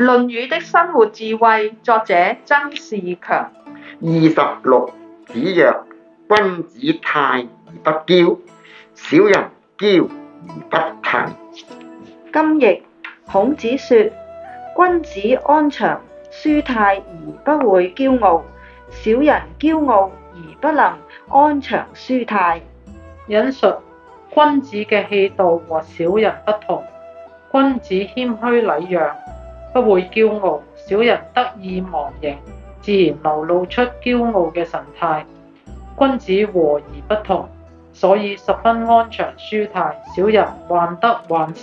《論語》的生活智慧，作者曾仕強。二十六，子曰：君子泰而不驕，小人驕而不泰。今譯：孔子說，君子安詳舒泰而不會驕傲，小人驕傲而不能安詳舒泰。引述：君子嘅氣度和小人不同，君子謙虛禮讓。不會驕傲，小人得意忘形，自然流露出驕傲嘅神態。君子和而不同，所以十分安詳舒泰。小人患得患失，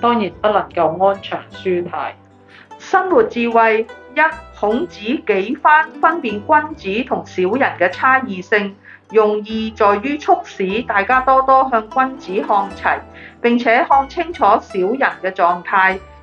當然不能夠安詳舒泰。生活智慧：一、孔子幾番分辨君子同小人嘅差異性，用意在於促使大家多多向君子看齊，並且看清楚小人嘅狀態，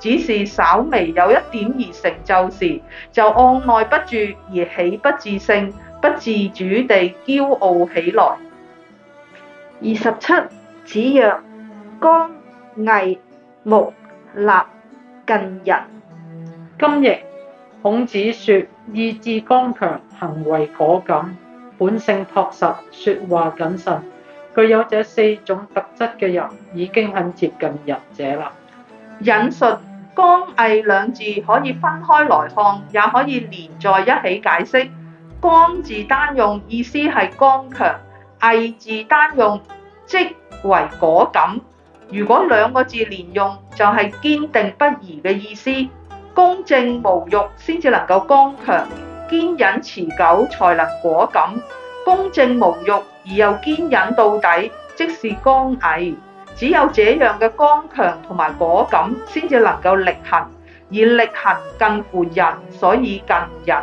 只是稍微有一點而成就時，就按捺不住而喜不自勝，不自主地驕傲起來。二十七，子曰：剛毅木立，近仁。今亦孔子說：意志剛強，行為果敢，本性樸實，說話謹慎，具有這四種特質嘅人，已經很接近仁者啦。引述。剛毅兩字可以分開來看，也可以連在一起解釋。剛字單用意思係剛強，毅字單用即為果敢。如果兩個字連用，就係、是、堅定不移嘅意思。公正無欲先至能夠剛強，堅忍持久才能果敢。公正無欲而又堅忍到底，即是剛毅。只有這樣嘅剛強同埋果敢，先至能夠力行。而力行近乎仁，所以近仁。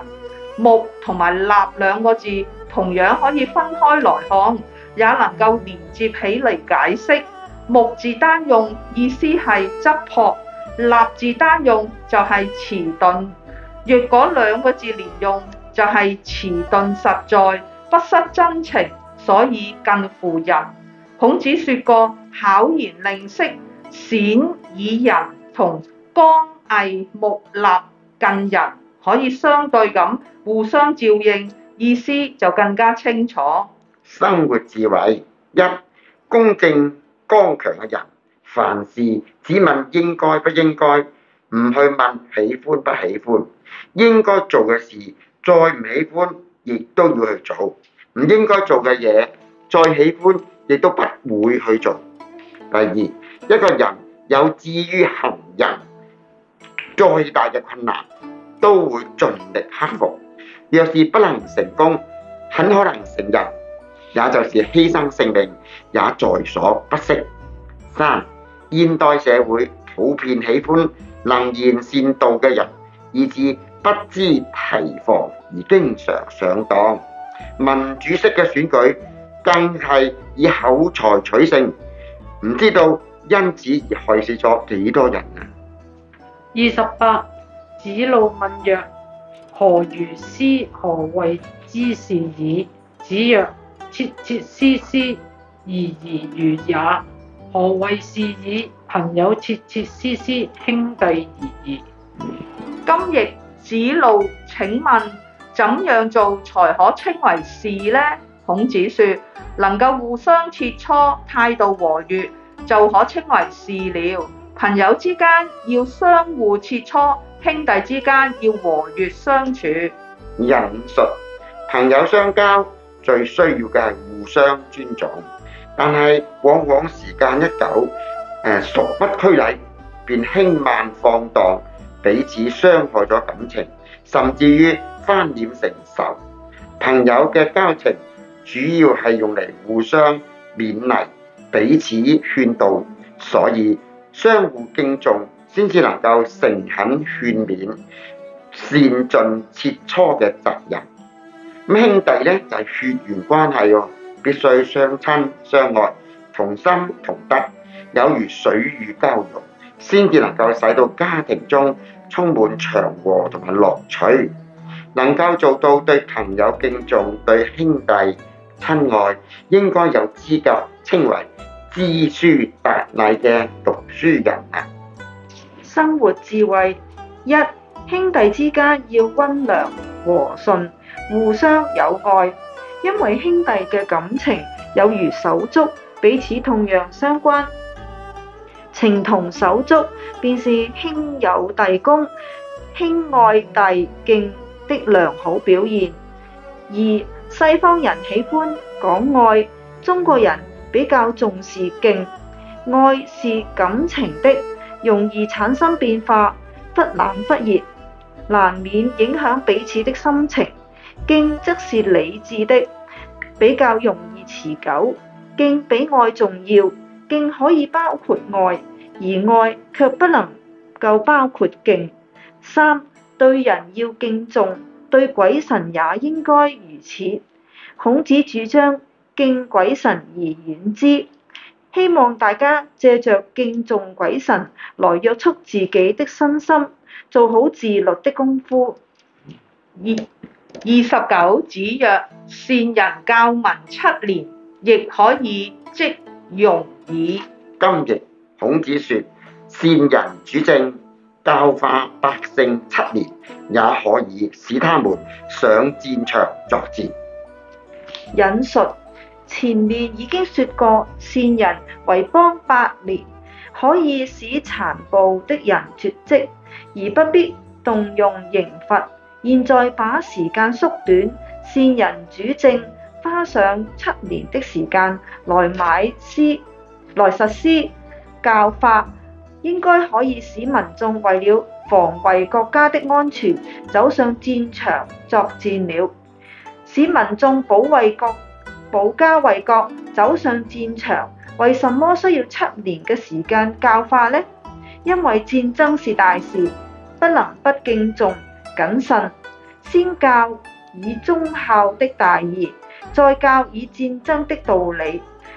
木同埋訥兩個字同樣可以分開來看，也能夠連接起嚟解釋。木字單用意思係質樸，訥字單用就係遲鈍。若果兩個字連用，就係遲鈍實在，不失真情，所以近乎仁。孔子説過。巧言令色，鮮矣仁，同剛毅木訥近仁，可以相對咁互相照應，意思就更加清楚。生活智慧：一、公正剛強嘅人，凡事只問應該不應該，唔去問喜歡不喜歡。應該做嘅事，再唔喜歡，亦都要去做；唔應該做嘅嘢，再喜歡，亦都不會去做。第二，一個人有志於行仁，再大嘅困難都會盡力克服。若是不能成功，很可能成仁，也就是犧牲性命也在所不惜。三，現代社會普遍喜歡能言善道嘅人，以致不知提防而經常上當。民主式嘅選舉更係以口才取勝。唔知道因子而害死咗幾多人啊！二十八，子路問曰：何如斯可謂之士矣？子曰：切切偲偲，怡怡如也。可謂士矣？朋友切切偲偲，兄弟怡怡。」今亦子路，請問怎樣做才可稱為士呢？孔子說。能夠互相切磋，態度和悦，就可稱為士了。朋友之間要相互切磋，兄弟之間要和悦相處。人熟，朋友相交最需要嘅係互相尊重，但係往往時間一久，誒、呃、熟不拘禮，便輕慢放蕩，彼此傷害咗感情，甚至於翻臉成仇。朋友嘅交情，主要係用嚟互相勉勵、彼此勸導，所以相互敬重先至能夠誠懇勸勉、善盡切磋嘅責任。兄弟呢，就係、是、血緣關係喎、哦，必須相親相愛、同心同德，有如水乳交融，先至能夠使到家庭中充滿祥和同埋樂趣，能夠做到對朋友敬重、對兄弟。親愛應該有資格稱為知書達禮嘅讀書人啊！生活智慧一，兄弟之間要溫良和順，互相友愛，因為兄弟嘅感情有如手足，彼此同樣相關。情同手足，便是兄友弟恭、兄愛弟敬的良好表現。二西方人喜歡講愛，中國人比較重視敬。愛是感情的，容易產生變化，忽冷忽熱，難免影響彼此的心情。敬則是理智的，比較容易持久。敬比愛重要，敬可以包括愛，而愛卻不能夠包括敬。三對人要敬重。對鬼神也應該如此。孔子主張敬鬼神而遠之，希望大家借着敬重鬼神來約束自己的身心，做好自律的功夫。二十九，子曰：善人教民七年，亦可以即戎矣。今日孔子說善人主政。教化百姓七年，也可以使他們上戰場作戰。引述前面已經說過，善人為邦八年，可以使殘暴的人絕迹，而不必動用刑罰。現在把時間縮短，善人主政，花上七年的時間來買施，來實施教化。應該可以使民眾為了防衞國家的安全，走上戰場作戰了。使民眾保衞國、保家衞國，走上戰場。為什麼需要七年嘅時間教化呢？因為戰爭是大事，不能不敬重、謹慎。先教以忠孝的大義，再教以戰爭的道理。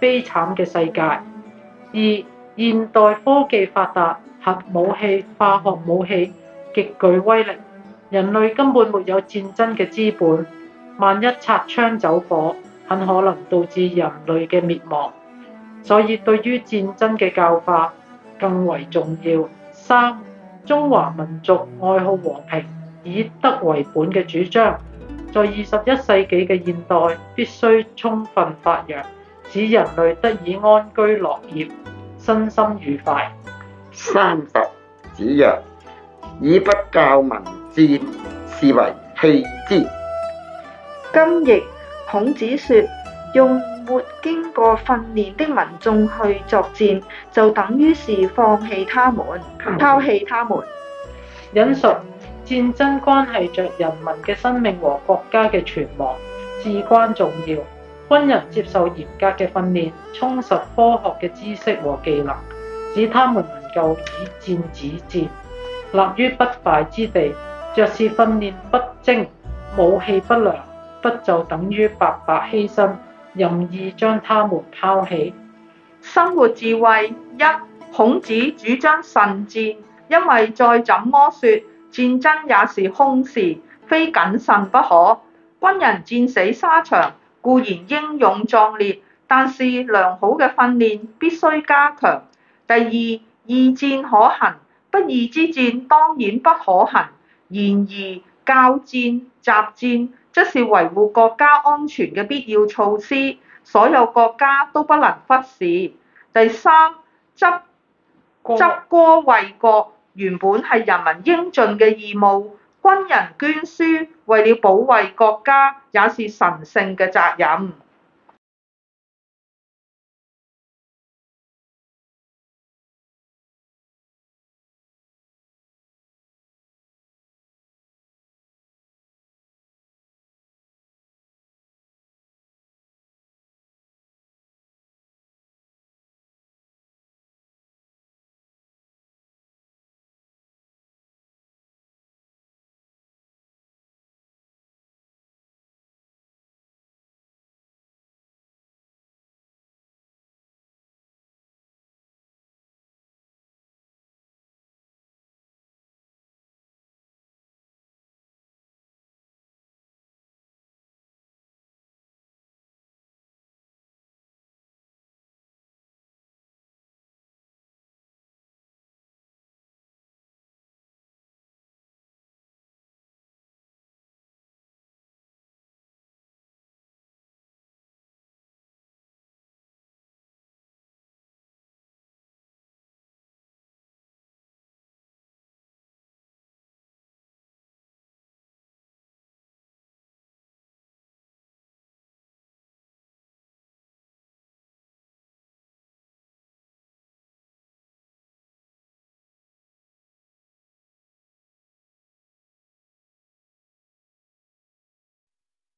悲慘嘅世界。二、現代科技發達，核武器、化學武器極具威力，人類根本沒有戰爭嘅資本。萬一擦槍走火，很可能導致人類嘅滅亡。所以，對於戰爭嘅教化，更為重要。三、中華民族愛好和平，以德為本嘅主張，在二十一世紀嘅現代必須充分發揚。使人類得以安居樂業，身心愉快。三十：子曰，以不教民戰，是為棄之。今亦孔子說，用沒經過訓練的民眾去作戰，就等於是放棄他們，拋棄他們。引述、嗯：戰爭關係着人民嘅生命和國家嘅存亡，至關重要。軍人接受嚴格嘅訓練，充實科學嘅知識和技能，使他們能夠以戰止戰，立於不敗之地，若是訓練不精，武器不良，不就等於白白犧牲，任意將他們拋棄。生活智慧一，孔子主張慎戰，因為再怎麼說，戰爭也是兇事，非謹慎不可。軍人戰死沙場。固然英勇壯烈，但是良好嘅訓練必須加強。第二，義戰可行，不義之戰當然不可行。然而，交戰、集戰則是維護國家安全嘅必要措施，所有國家都不能忽視。第三，執執戈衛國，原本係人民應盡嘅義務。軍人捐書，為了保衞國家，也是神聖嘅責任。